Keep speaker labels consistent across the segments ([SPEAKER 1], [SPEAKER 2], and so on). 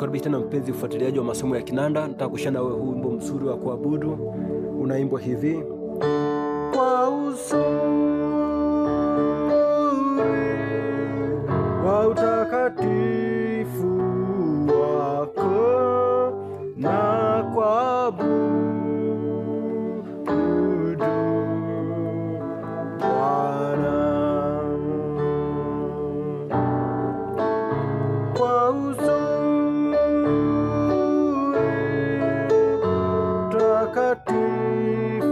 [SPEAKER 1] Nikukaribisha tena mpenzi ufuatiliaji wa masomo ya kinanda. Nataka kushana wewe huu wimbo mzuri wa kuabudu, unaimbwa hivi kwa uzuri wa utakatifu utakatifu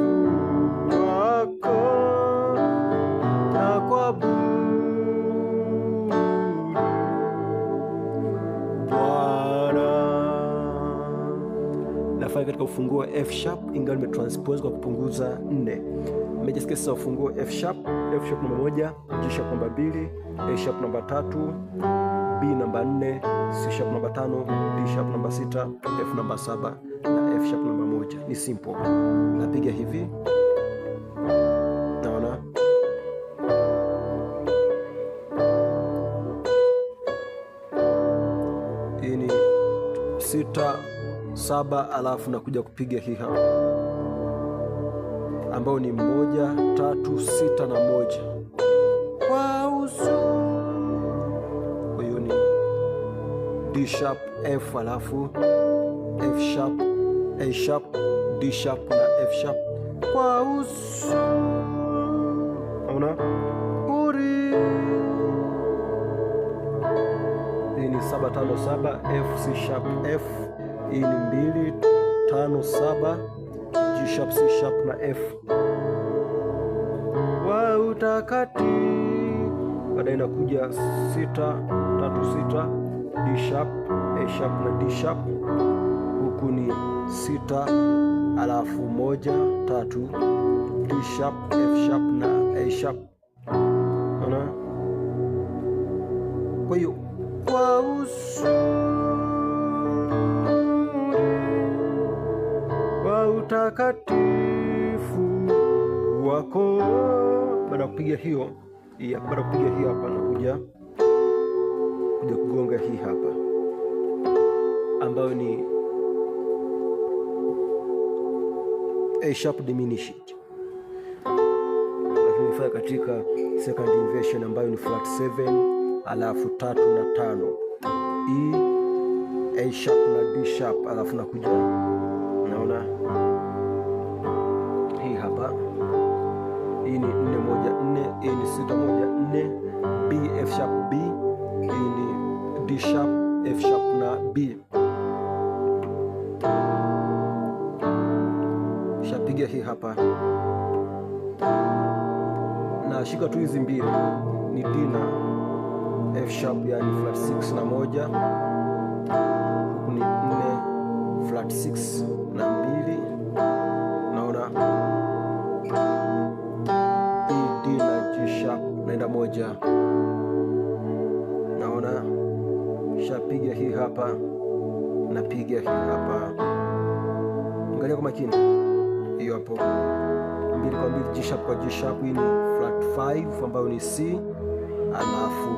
[SPEAKER 1] wako na kuabudu Bwana. Nafanya katika ufunguo F sharp, ingawa nimetranspose kwa kupunguza nne. Mmejisikia sasa ufunguo F sharp, F sharp namba moja, G sharp namba mbili, A sharp namba tatu, B namba nne, C sharp namba tano, D sharp namba sita, F namba saba na F sharp namba moja, ni simple. Napiga hivi, naona hii ni sita saba, alafu nakuja kupiga hii hapa ambayo ni moja tatu sita na moja kwa hiyo ni D sharp F, alafu F sharp A sharp, D sharp na F sharp kwa usura hii ni saba tano saba F C sharp F. Hii ni mbili tano saba G sharp C sharp na F wa utakati. baada inakuja sita tatu sita D sharp A sharp na D sharp huku ni sita, alafu moja tatu, D sharp, F sharp na A sharp. Ona, kwa hiyo kwa wa utakatifu wako. Baada ya kupiga hiyo, baada kupiga hiyo hapa, nakuja kuja kugonga hii hapa ambayo ni A sharp diminished, lakini nifanya katika second inversion ambayo ni flat 7 alafu tatu na tano E, A sharp na D sharp alafu nakuja, naona hii hapa, hii ni 4 moja 4, hii ni sita moja 4, B F sharp B, hii e ni D sharp F sharp na B napiga hii hapa na shika tu hizi mbili ni D na F sharp, yani flat 6 na moja, huku ni 4 flat 6 na mbili, naona E D na G sharp naenda moja, naona shapiga hii hapa, napiga hii hapa, angalia kwa makini hiyo hapo, mbili kwa mbili, G sharp kwa G sharp. Hii ni flat 5 ambayo ni C, alafu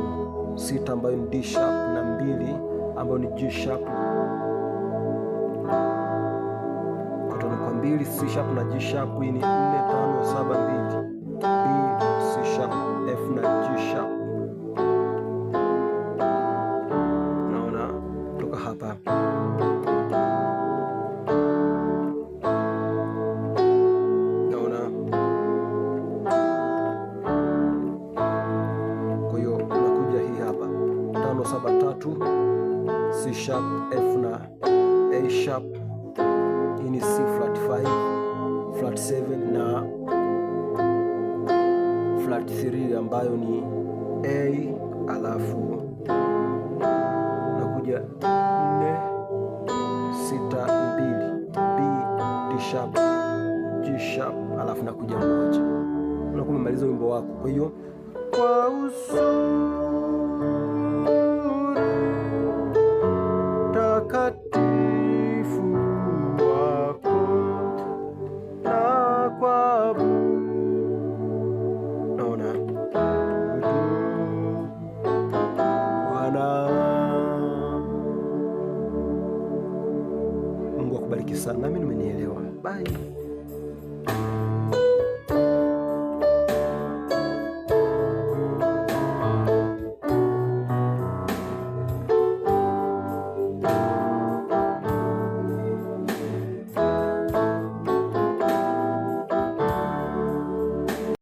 [SPEAKER 1] sita ambayo ni D sharp na mbili ambayo ni G sharp Kutoka kwa mbili, C sharp na G sharp. Hii ni 4 5 7 2 sharp F na A sharp. Hii ni C flat 5, flat 7 na flat 3 ambayo ni A, alafu nakuja 4 6 2 B D sharp G sharp, alafu nakuja moja, unakuwa umemaliza wimbo wako. Kwa hiyo kwa uso kubariki sana, nami nimenielewa. Bye.